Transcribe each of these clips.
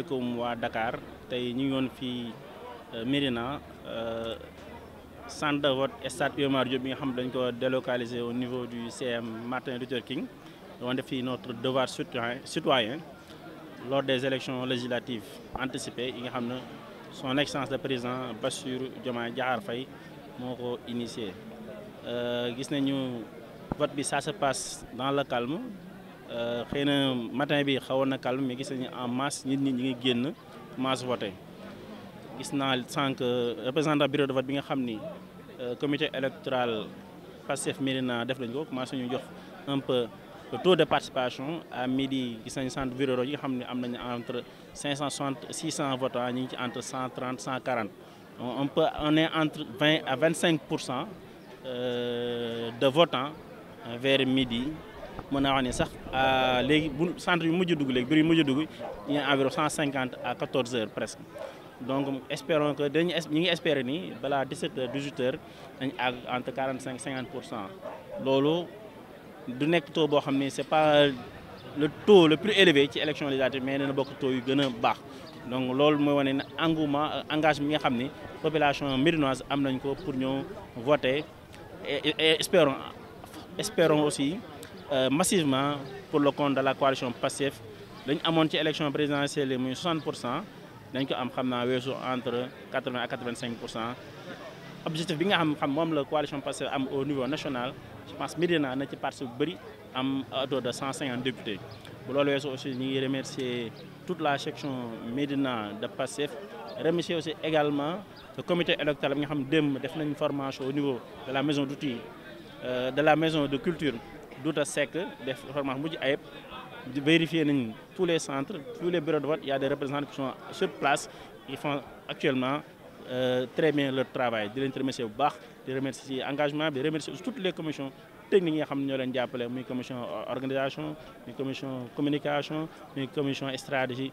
asalaamaaleykum à Dakar Tay ñu ngi fi fii euh, Médina euh, centre de vote stade Iba Diop bi nga xam dañ ko délocalisé au niveau du CM Martin Luther King on défi notre devoir citoyen lors des élections législatives anticipées yi nga xam son excellence le président Bassirou Diomaye Diakhar Faye moko initié. initié euh, gis nañu vote bi ça se passe dans le calme euh, xeyna matin bi xawona calme mais est en masse nit nit ñi ngi génn masse voté gis sank euh, représentant bureau de vote bi euh, comité électoral pasef mérina def nañ ko commencé ñu jox un peu le taux de participation à midi gis nañ centre bureau yi nga entre 560 600 votants ci entre 130 140 on, peut est entre 20 à 25 de votants vers midi mëna wax ni sax euh légui bu centre bi environ 150 à 14 heures presque donc espérons que dañu 17h 18h dañ entre 45 et 50% Ce n'est pas le taux le plus élevé ci élection législative mais dana bok taux yu gëna bax donc lolu moy wone engagement La population mérinoise a nañ ko pour voter et, nous espérons aussi euh, massivement pour le compte de la coalition PASSEF, Nous avons ci élection présidentielle de 60 on avons entre 80 et 85 L'objectif de objectif la coalition PASSEF au niveau national je pense Médina na ci parti bu de 150 députés bu loolu aussi remercier toute la section Médina de PASSEF, remercier aussi également le comité électoral qui a fait une formation au niveau de la maison d'outils euh, de la maison de culture D'autres secteurs, def vérifier tous les centres tous les bureaux de vote il y a des représentants qui sont sur place ils font actuellement euh, très bien leur travail Je remercie remercier je remercier je engagement je remercier toutes les commissions techniques qui nga euh, organisation commission communication les commission stratégie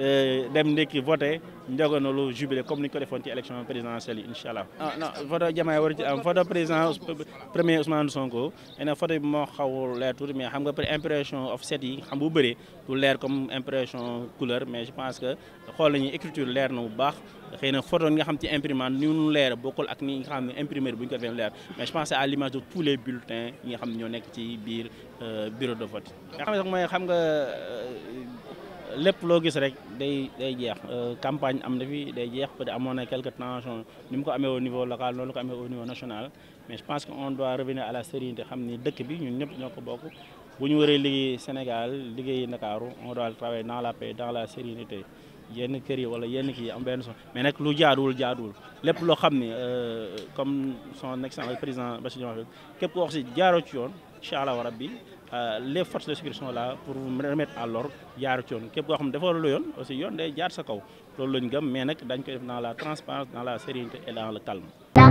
Euh, dem ndékki voté njogonalu jubilé comme ni ko defoon ci élection présidentielle inshallah ah non photo Diomaye war ci am photo président premier Ousmane Sonko nee photo mo moo xaw leer mais xam nga par impression set yi xam bu bëree du leer comme impression couleur mais je pense que xool nañu écriture leer na bu baax xeyna photo nga xam ci imprimante ni mu leer bokkul ak ni nga xam imprimeur ko defee leer mais je pense à l'image de tous les bulletins yi nga xam ñoo nek ci biir euh, bureau de vote. nga xam sax xam nga. Euh, lepp lo gis rek day day jeex euh, campagne am na fi day jeex peut-être amone quelques tensions nim ko amé au niveau local noonu ko amé au niveau national mais je pense que on doit revenir à la sérénité xam ni dëkk bi ñun ñëpp ñoko bokku bu ñu wéré liggéey Sénégal liggéey Dakar on doit travailler dans la paix dans la sérénité yenn kër yi wala yenn ki am benn so mais nak lu jaadul jaaduwul lépp loo xam ni euh, comme son excellence président Bassirou Diomaye kep ko wax ci jaaro ci yoon inshallah allah rabbi euh, les forces de sécurité sont là pour vous remettre à l'ordre de ci qui xam lu dans la transparence dans la sérénité et dans le calme